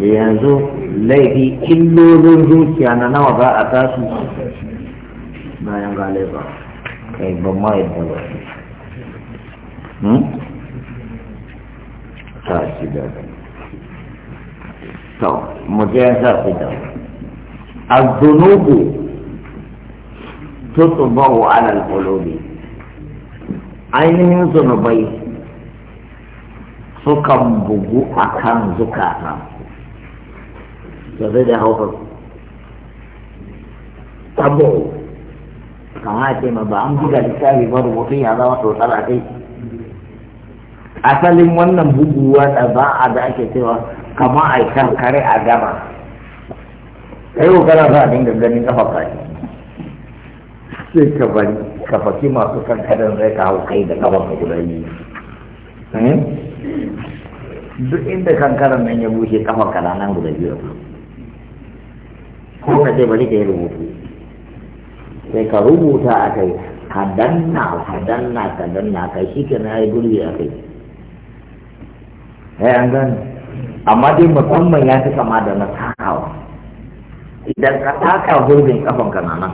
yanzu laifi illolin zuciya na nawa za a tasu bayan ba kai ban ma yadda ba hmm? ta shi da to mu je za ku da az-zunubu tutbahu ala al-qulubi ainihin zunubai sukan bugu akan zukata to zai da haufar tabo kama ce ma ba an buga littafi ba rubutun ya zama tsotsar a kai asalin wannan buguwa da ba a da ake cewa kama a yi kare a gama kai kokarin za a dinga ganin kafa kai sai ka bari ka faki masu kankanin ka hau da kafa ka guda duk inda kankaran nan ya bushe kafa kananan guda biyu ko ka je bari ka yi rubutu sai ka rubuta a kai ka danna ka danna ka danna ka shi ke na yi gurbi a kai ya eh, an gani amma dai musamman ya fi kama da na takawa idan ka taka gurbin kafan ka nan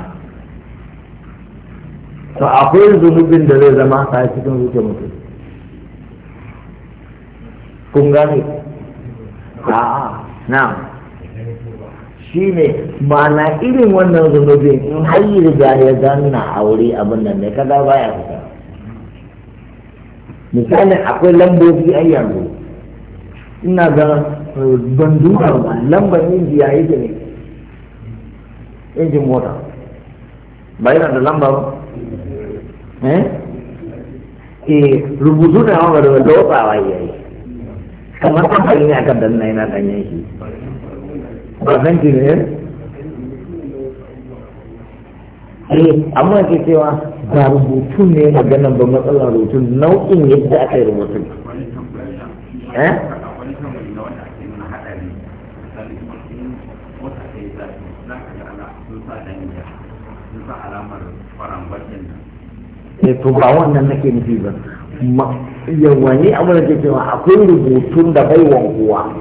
to akwai zunubin da zai zama ka cikin zuciyar mutum kun gane a'a na'am shi ne ma'ana irin wannan zunubin in har yi riga ya zanna a wuri abin nan ne kaga baya fita misali akwai lambobi a yanzu ina ga eh, ban ba lambar inji ya yi ne injin mota ba yana da lamba ba eh eh rubutu da hawa da lotsawa yayi kamar kamfani ne aka danna yana danyen shi ba zan ji ne eh, amma ke cewa ba rubutun ne maganan ba matsalar rubutu nau'in yadda aka yi rubutun ne eh? eh, to ba wannan nake nufi ba yawanni abin da ke cewa akwai rubutun da bai wankuwa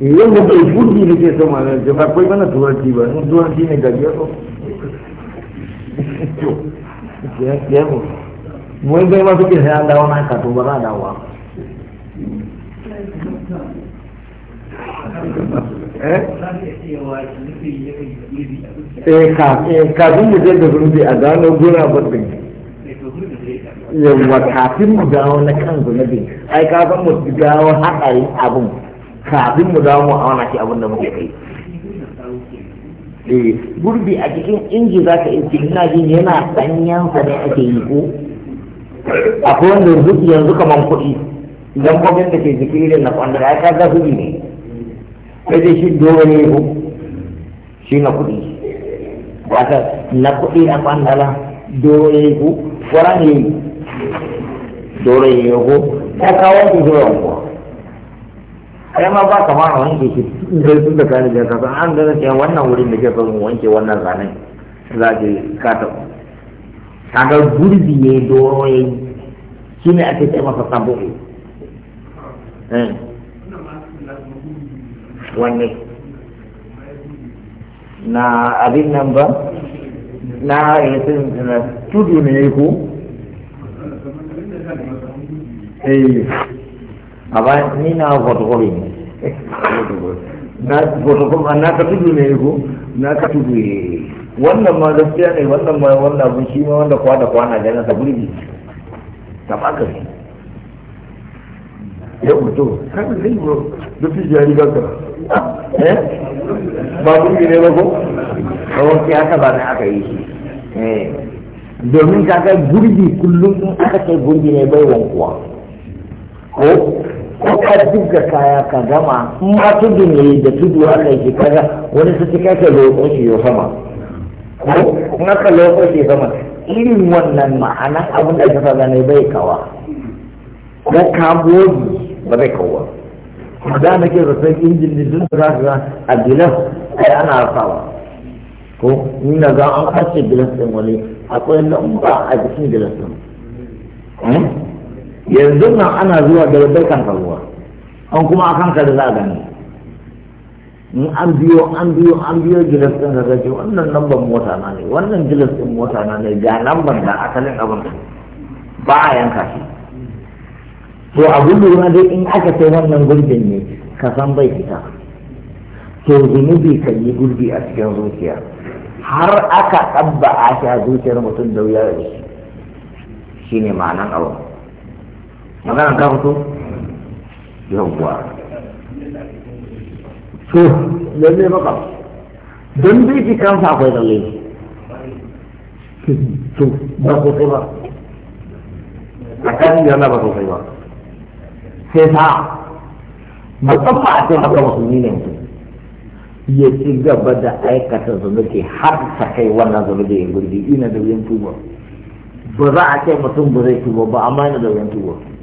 yau da bai vai ne ke son ativa, não tua ativa mana turanci ba in turanci ne ga biyar mu mun dai ma suke sai an dawo na kato ba za a dawo eh? Eh, eh, kafin mu je não vou a vou ter gudun yawwa kafin mu dawo na kan zunubin ai kafin mu dawo haɗarin abin kafin mu dawo mu auna shi abin da muke kai eh gurbi a cikin inji za ka inci ina jin yana sa ne ake yi ko akwai wanda yanzu yanzu kaman kuɗi idan gwamnati da ke jikin irin na kwandar ya ka ga ne sai dai shi dole ne ko shi na kuɗi wata na kuɗi na kwandala dole ne ko wara ne dole ne ko ta kawo ku zuwa kuwa kai ma ba kamar wanke shi sai tun da ka riga ka san an gane cewa wannan wurin da ke son wanke wannan zanen za ki ka ta kaga gurbi ne doro shi ne ake ce masa sabo eh. wanne na abin nan ba na yasin eh, tudu ne ko eh abaa ni na photocopy ne na ma na ka tudu ne ko na ka tudu ye wanda ma fiya ne wanda ma wanda abin shi ma wanda kwa na jana ta buri gurbi ta ka ne Ya mutu kan zai yi fi jari ka eh ba gurbi ne ba ko kawai sai haka ba ne aka yi shi eh. domin buri gurbi kullum in aka buri gurbi ne bai wankuwa ko ko ka duka kaya ka gama in dunye ne da tudu aka yi kaga wani su ci kake roƙo shi yau sama ko kuma ka roƙo shi ya sama irin wannan ma'ana abin da ya sa ne bai kawa ko ka bogi ba zai kawo ba da nake zaton injin ne duk da za ka ga a bilan ai ana sawa ko ina za an kashe bilan sai wani akwai lamba a jikin bilan sai hmm? yanzu nan ana zuwa da bai kan ruwa an kuma a kanka da za a gani in an biyo an biyo an biyo gilas ɗin ka gaji wannan lambar mota na ne wannan gilas ɗin mota na ne ga lambar da asalin abin ba a yanka shi to a gudu na dai in aka sai wannan gurbin ne ka san bai fita to zunubi kan yi gurbi a cikin zuciya har aka ɗabba a shi a zuciyar mutum da wuya da shi shine ma'anan abu magana ka fito yawwa so lalle baka don bai ji kansa akwai da lalle to ba ko sai ba a kan yana ba sosai ba sai sa musamman a cikin haka musulmi ne mutum ya ci gaba da aikata zunubi har ta kai wannan zunubi ya gurbi ina da wuyan tuba ba za a ce mutum ba zai tuba ba amma yana da wuyan tuba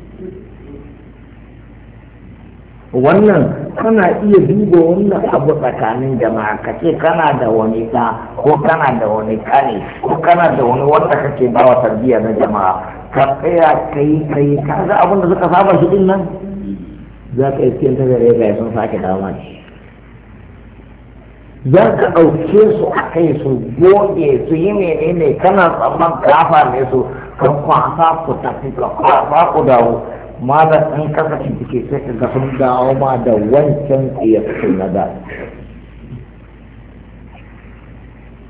wannan kana iya duba wannan abu tsakanin jama'a ka ce kana da wani ɗa ko kana da wani kane ko kana da wani wanda kake ba wa tarbiyya na jama'a ka tsaya kai kai ka ga abin da suka saba shi din nan za ka yi ta gare ga sun sake dama shi za ka ɗauke su a kai su goge su yi menene kana tsamman kafa ne su kan kwasa ku tafi ka kwasa ku dawo malam in kasa cike sai ka ga sun dawo ma da wancan tsiyarsu na da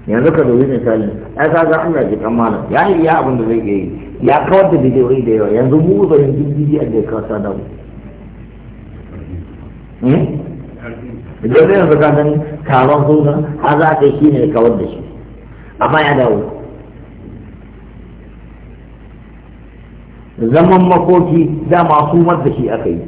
yanzu ka dubi misali ai ka ga Allah ji kan malam ya yi ya abin da zai iya yi ya kawar da bidiyoyi da yawa yanzu mu ba yin bidiyoyi a da ya kawar da mu idan hmm? zai yanzu ka gani taron suna a za ka shi ne kawar da shi amma ya dawo zaman makoki da masu da shi aka yi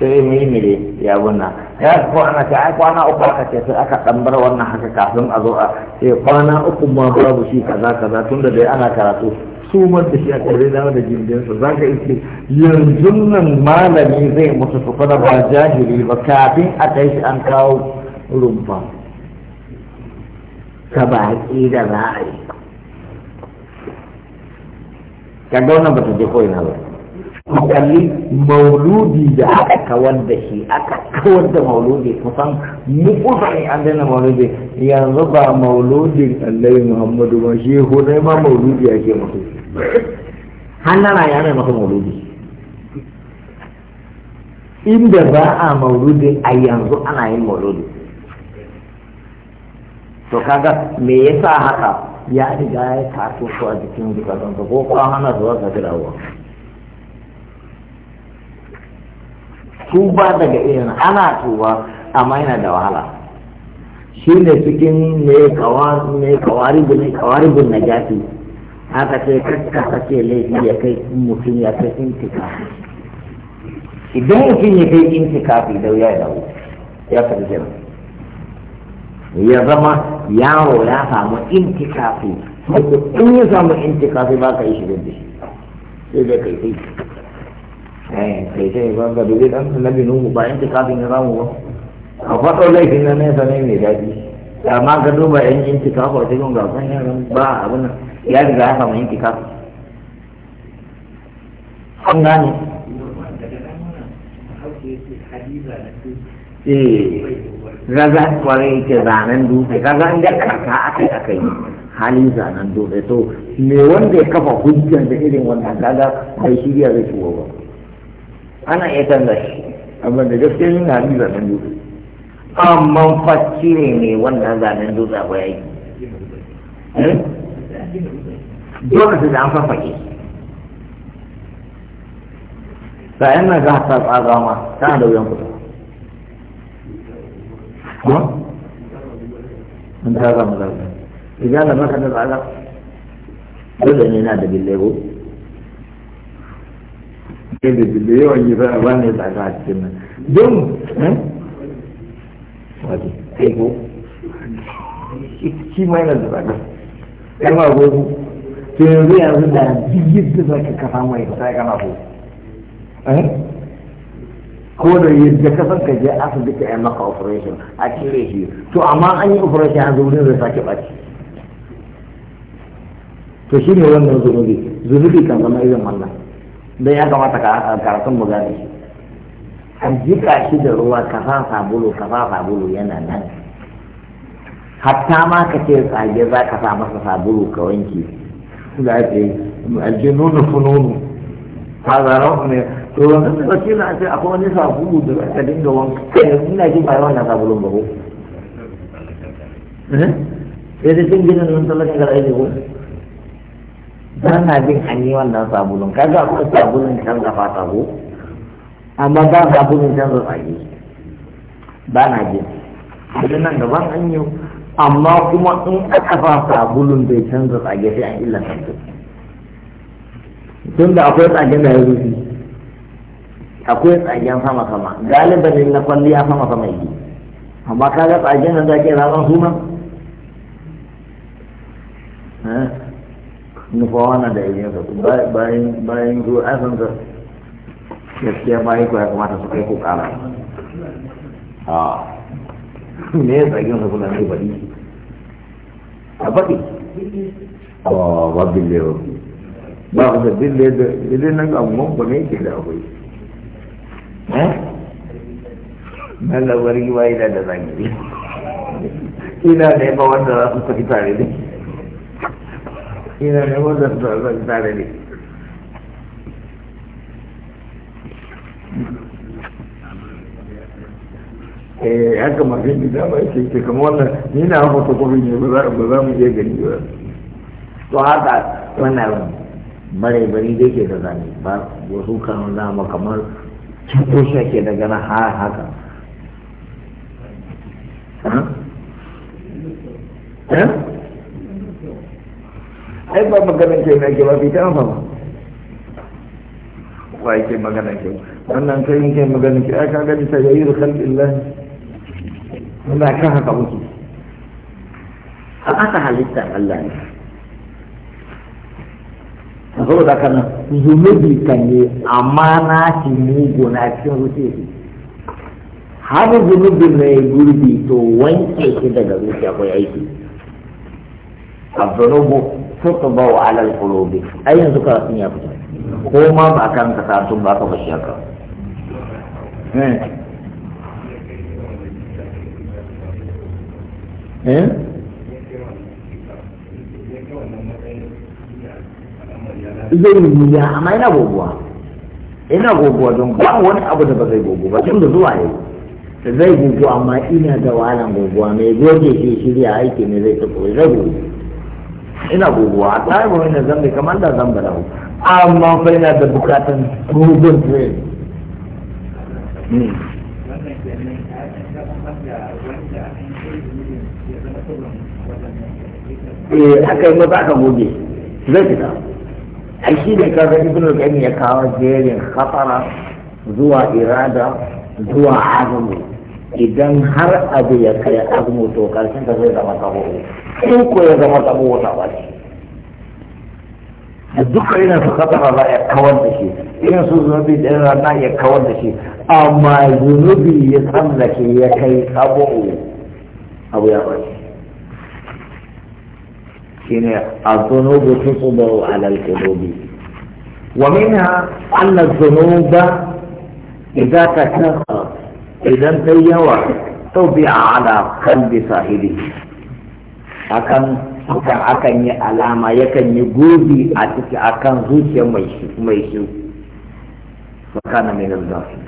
sai mai mire ya bunna ya ana ta ai kwana uku aka ce sai aka dan bar wannan haka kafin a zo a sai kwana uku ma babu shi kaza kaza tunda dai ana karatu su da shi a kare dawo da gindin sa zaka iske yanzu nan malami zai mutu su fara ba jahili ba kafin a kai shi an kawo rumfa ka ba da za a yi kaga wannan bata je ko ina ba kalli mauludi da aka kawar da shi aka kawar da mauludi kusan mukusa ne an daina mauludi yanzu ba mauludin annabi muhammadu ba shi hunai ma mauludi ake mutu hannana ya mai masa mauludi inda ba a mauludi a yanzu ana yin mauludi to kaga me yasa haka ya riga ya taso su a jikin zukatan ko kuma hana zuwa ga jirawa ba daga irin ana tuba amma yana da wahala shi ne cikin mai kawaribin mai kawaribin na jafi aka ce kakka sake laifi ya kai mutum ya kai intika idan mutum ya kai intika fi da ya dawo ya fi kenan ya zama yaro ya samu intikafi in ya samu intikafi ba ka yi shigar da shi sai dai kai eh, kai ba ga dan nabi nuhu ba ba a laifin na nesa ne mai daɗi amma duba yan intikafi a cikin gasan yaran ba abin ya riga ya samu intikafi an gane eh Gaza kwarai yake zanen dutse raza inda karka a kai halin zanen dutse to me wanda ya kafa hujjar da irin wannan kaga bai shirya zai ciwo ba ana iya canza shi amma da gaske yin hali zanen dutse amma facci ne mai wanda zanen dutse ba ya yi dole su zan an fafake sa'yan na za ta tsaga ma ta. da wuyan kuɗi kuma mun ta zama zafi idan da maka da tsada dole ne na da billego da yawan yi ba ne tsada a cikin nan don eh? wato kai shi ma yana da tsada ma ko yanzu yanzu da jirgin da zaka kafa mai sai kana ko eh ko da yadda ka san ka je asibiti a maka operation a cire shi to amma an yi operation a zuwa zai sake baki to shi ne wannan zunubi zunubi kan zama irin wannan don ya kamata ka karatun mu gane shi a jika shi da ruwa ka sa sabulu ka sa sabulu yana nan hatta ma ka ce tsage za ka sa masa sabulu ka wanke da ake yi aljinunu fununu hazarar ne to wannan da kace na ce akwai wani sabulu da aka dinga wanka ina ji bai wannan sabulun ba ko eh sai dai kin gina nan talaka ai ne ko ba na jin an yi wannan sabulun kaga akwai sabulun kan da ta ko amma ba sabulun can da tsaki ba na jin idan nan gaban an yi amma kuma in aka fa sabulun bai canza tsage sai an kan tun da akwai tsagen da ya rufi akwai tsagen sama sama galibin na kwalliya sama sama yi amma kaga tsagen nan eh? da ke zaɓen suna nufa wannan da yin yanzu bayan bayan zuwa an san ka gaskiya bayan ku ya kamata su kai ku ƙara a ah. ne ya tsagen su kuna ne baɗi a baɗi oh, ba babin lewa ba ku da bin lewa da nan ga mu ba ne ke da akwai Mala wari ba ina da zangiri. Ina da yaba wanda za su tafi tare ne. Ina da wanda za su tafi tare ne. Eh, haka mafi gida ba ce ke kama wannan ni na hafa takobi ne ba za mu iya gani ba. To haka wannan bare bari dai ke da zane ba wasu kan zama kamar ko shi ake daga har haka ai ba maganar ke na ba fi ta ba wa yake magana ke wannan kai yake magana ke ai kaga ni tajayyur khalqillah muna kan haka muke a aka halitta Allah ne da saboda kan zunubi kan yi amana shi muguna cikin zuciya shi har zunubin na ya gurbi to wanke shi daga zuciya akwai aiki abdunubu suka ba wa alal kulobi ai yanzu ka sun ya fita ko ma ba kan ka tasun ba ka bashi haka eh, eh? zai yi wuya amma yana goguwa ina goguwa don ba wani abu da ba zai gogu ba tun da zuwa yau zai gogu amma ina da wahalan goguwa mai goge shi shirya aiki ne zai tafi zai gogu ina goguwa a tsarin mai na zambe kamar da zamba da amma fa ina da bukatan gogon train hmm. eh haka yi maza aka goge zai fita ai shi ne kaga ibn al-qayyim ya kawo jerin khatara zuwa irada zuwa azumi idan har abu ya kai azumi to karshen ta zai zama sabo in ko ya zama sabo wata ba ce da duka irin su khatara za ya kawar da shi irin su zunubi da rana ya kawar da shi amma zunubi ya tsallake ya kai sabo abu ya ba shine azunubu tusubu ala alqulubi wa minha anna azunuba idza takasara idan tai yawa tubi ala qalbi sahibi akan akan akan yi alama yakan yi gobi a ciki akan zuciyar mai shi mai shi fakana min al-ghafil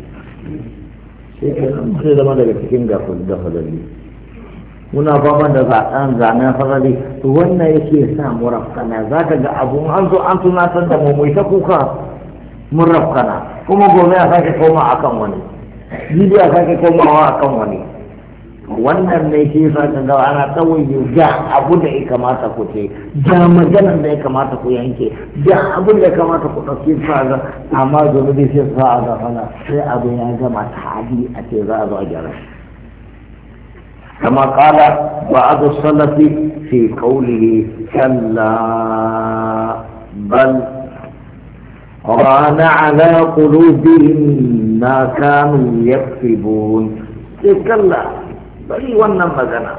sai kan sai da daga cikin gafil da hadari muna fama da zaɓen zanen farare to wannan yake sa mu rafkana za ka ga abu an zo an tunatar da mu mai ta kuka mun rafkana kuma gobe a sake koma akan wani jibi a sake komawa akan wani wannan ne ke sa ka ga ana tsawon ga abu da ya kamata ku ce ga maganar da ya kamata ku yanke ga abu da ya kamata ku ɗauki sa ga amma gobe sai sa a gafana sai abu ya gama ta a ce za a zo a gyara كما قال بعض السلف في قوله كلا بل ران على قلوبهم ما كانوا يكسبون إيه كلا بل وانما زنا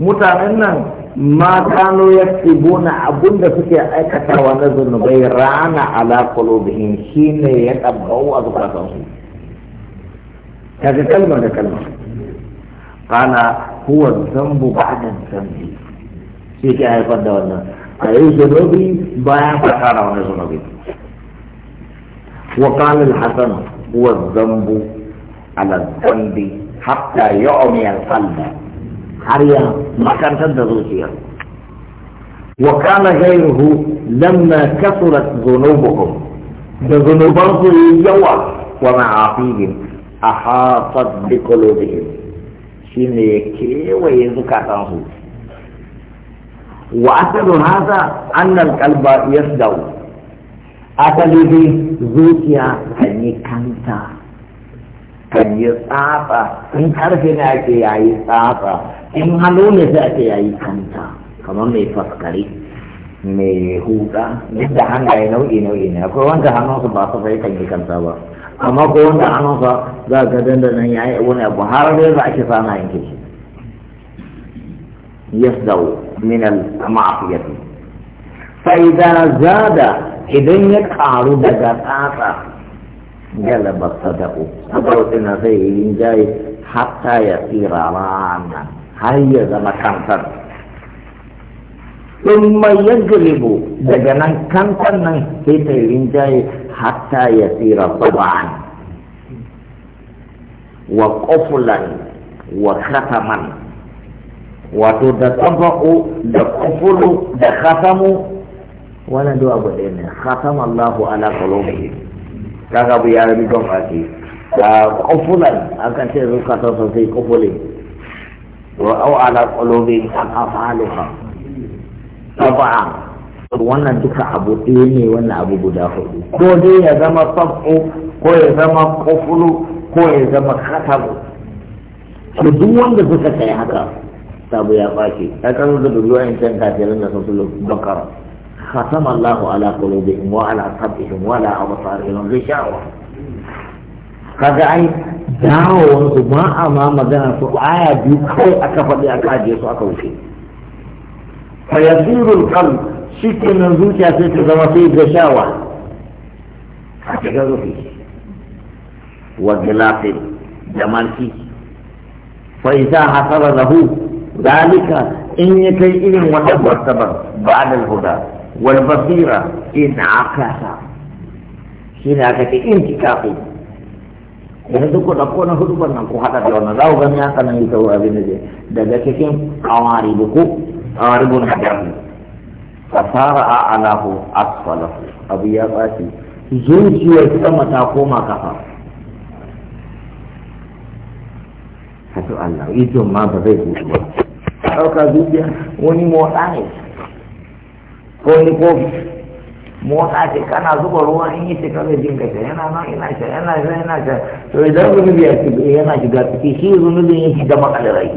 متعنن ما كانوا يكسبون عبون دا ايكا تاوانا زنبي ران على قلوبهم حين يتبعوا اذكرتهم هذه كلمة كلمة قال هو الذنب بعد الذنب في كي آية قد دولنا أي ذنوبي بيان فكارا ذنبي وقال الحسن هو الذنب على الذنب حتى يعمي القلب حريا ما كان تد وقال غيره لما كثرت ذنوبهم ذنوب الظل يوم ومعافيهم أحاطت بقلوبهم shi ne ya kewaye su wa asalu haza annal kalba yasdau asali dai zuciya kan yi kanta kan yi tsatsa in karfe ne ake yayi tsatsa in hannu ne sai ake yayi kanta kamar mai faskare mai huda duk da hannaye nau'i nau'i ne akwai wanda hannunsu ba su bai kan yi kanta ba amma ko wanda hannunsa za ga dandanan ya yi wani abu har dai za a ci sana yanke shi ya min al-ma'afiyati fa zada idan ya karu daga tsatsa galaba sadaqu abu dina sai yin jayi hatta ya tsira rana har ya zama kantar in mai yagribu daga nan kantar nan sai ta yin jayi hatta ya tsira saba'an wa ƙofulan, wa khataman wato da tsaba'u da kofulu da khatamu wannan duk abu ɗaya ne khatam Allahu ala qulubi kaga bu ya rabi don ake da kofulan akan ce zukatan sosai kofulin wa au ala qulubi an afaluha saba'an wannan duka abu ɗaya ne wannan abu guda hudu ko dai ya zama sab'u ko ya zama kofulu ko ya zama katabu to duk wanda suka kai haka sabu ya fashe ya zuwa da ruwan can kafirin da sun bakara ختم الله على قلوبهم وعلى سمعهم ولا أبصارهم غشاوة kaga ai su ba a ma magana su aya biyu kawai aka faɗi aka ajiye su aka wuce fa yasirul qalb Cikin kenan zuciya sai ta zama sai ga shawa a shiga rufi wa gilafin da marki fa iza hasara lahu zalika in ya kai irin wannan martabar ba'da da huda wal basira in akasa shi ne aka ce intikafi yanzu ku ko na hudu nan ko haɗa da wannan za ku gani haka nan ita abin da daga cikin awari ko awari bun hadamu fasara a alahu asfalahu abu ya ɓaci zuciyar sama ta koma kafa hatu Allah ito ma ba zai gudu ba a ɗauka zuciya wani motsa ne ko ni kofi motsa ce kana zuba ruwa in yi ce kawai jin kashe yana nan ina sha yana sha yana sha to idan zunubi ya ci yana shiga ciki shi zunubin ya shiga makalirai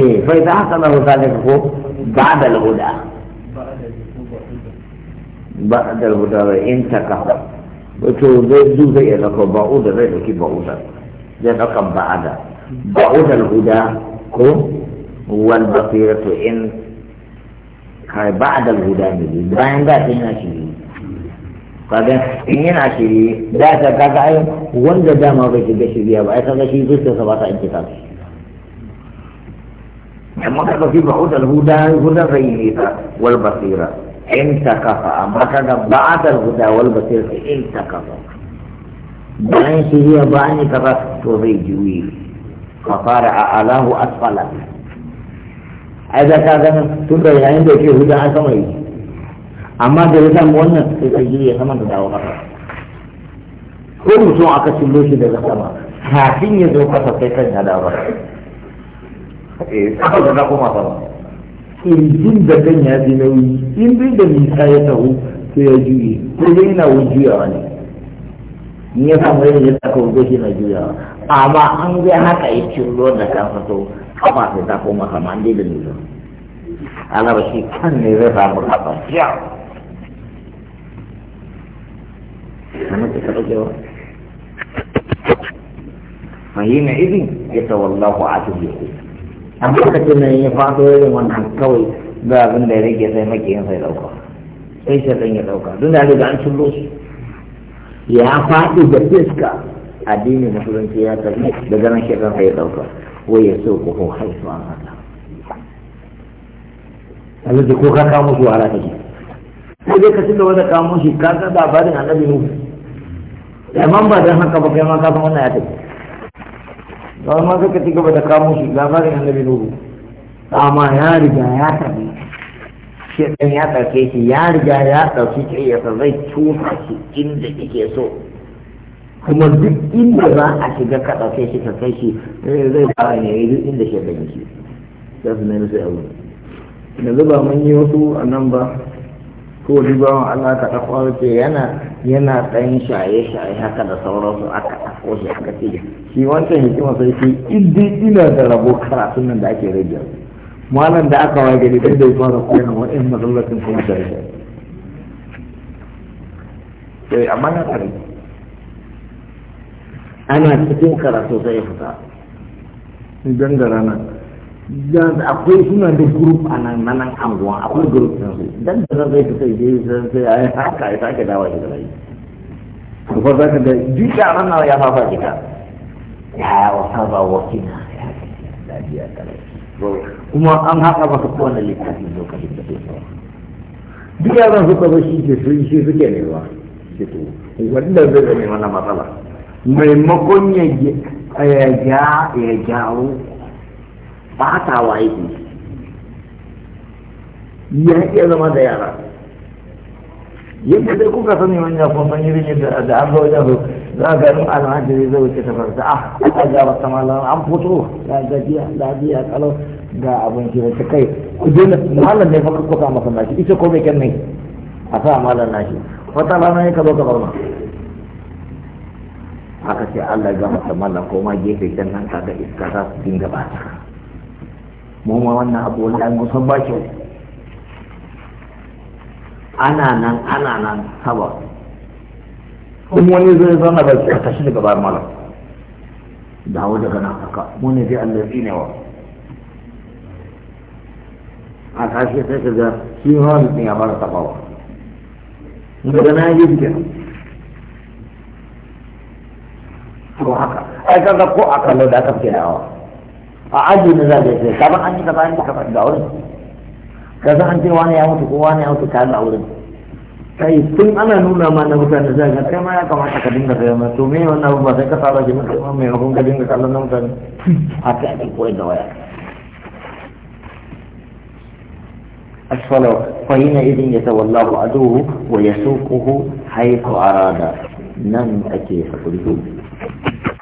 eh fa idza hasala zalika ko ba'da al-huda ba'da al-huda wa in takaha wato zai zu zai da ko ba'uda zai dauki ba'uda zai dauka ba'ada ba'uda al-huda ko wal to in kai ba'da al-huda ne bayan da yana shi kaga in yana shiri da ta kaga ai wanda dama bai shiga shirya ba ai kaga shi zuciyarsa ba ta intika amma ka ɗauki ba'udal huda huda zai ta wal basira in ta kafa amma ka ga ba'adal huda wal basira in ta kafa bayan shirya ka ba to zai juyi fa fara a alahu asfala ai da ka ga tun da yayin da ke huda a sama yi amma da ya samu wannan sai ka juya sama da dawo haka ko mutum aka cillo shi daga sama kafin ya zo kasa sai kan ya dawo eh kafa da kuma fara kirjin da kan ya ji nauyi in bai da nisa ya taho to ya juye ko dai yana wujuyawa ne in ya samu yin ya saka wuce shi na juyawa amma an ga haka ya ciro da kansa to kafa sai ta koma kama an dai da nisa alaba shi kan ne zai samu kafa ya ana ta taɓa jawa فحينئذ يتولاه عدو يقول amma ka ce nan ya faɗo irin wannan kawai ba abin da ya rage sai maki yin sai ɗauka sai shaitan ya ɗauka don da riga an cullo su ya faɗi da fiska addinin musulunci ya tafi da ganin shaitan sai ya ɗauka wai ya so ko su an haɗa haka alhaji ko ka kawo musu wahala take sai dai ka ci gaba da kawo musu ka ga labarin annabi nuhu amma ba don haka ba kai ma ka san wannan ya tafi kawai ma suka ci gaba da kamo shi labarin annabi nuhu amma ya riga ya tafi shi ɗan ya ɗauke shi ya riga ya ɗauki ƙiryarsa zai tufa shi inda yake so kuma duk inda za a shiga ka ɗauke shi ka kai shi eh, zai fara ne ya duk inda shi ɗan yake za su nemi sai abu yanzu ba mun yi wasu a nan ba ko wani bawan Allah ka ɗauka ce yana yana ɗan shaye-shaye haka da sauransu aka ɗafo shi aka ce shi wancan hikima sai shi inda ina da rabo karatun nan da ake rage malam da aka wage gari dai ya fara koyar wa in masallacin kuma shaye-shaye sai eh, amma na kare ana cikin karatu sai ya fita idan da rana akwai suna da grup a nan na nan anguwa akwai grup din su dan da zai fita je sai ai haka ya sake dawa shi da rai to fa zaka da duk yaran nan ya fafa kita ya wasa ba wakina ya lafiya kare kuma an haka ba su kowane littafin lokacin da sai duk yaran suka ba shi ke sun shi suke ne ba shi wanda zai zame mana matsala maimakon ya ya jawo ba ta waye ku ya iya zama da yara yadda dai kuka sani wani ya kuma yi rinye da da an zo su za a garin alhaji zai wuce ta farsa ah, a aka gaba ba samala an fito ga gajiya lafiya kalau ga abinci da kai ku je na malam ne fakar kuka masa nashi ita ko mai kyan ne a sa malam nashi wata rana ya ka zo ka bar ma aka ce Allah ya gama masa malam ko ma gefe can nan kaga iska za su dinga ba ta mu ma wannan abu wani mun san ba ke. ana nan ana nan haba kuma wani zai zana ba ka tashi daga bayan malam dawo daga nan haka wani zai dai Allah ya wa a tashi sai ka ga shi ma mutum ya fara tabawa daga na yi jikin Ko haka ai kaga ko a kallo da aka fi yawa a aji ne za zai sai kafin an yi kaza an yi kaza ga ka kaza an ce wani ya mutu ko wani ya mutu ka ga wurin kai tun ana nuna ma na mutane zai ga kai ma ya kamata ka dinga sai ma to me wannan abu ba sai ka saba ki mutu ma mai hukun ka dinga kallon na mutane a haka ake koyar da waya Asfalo ya فحينئذ يتولاه عدوه ويسوقه حيث أراد نم أكيد قلوب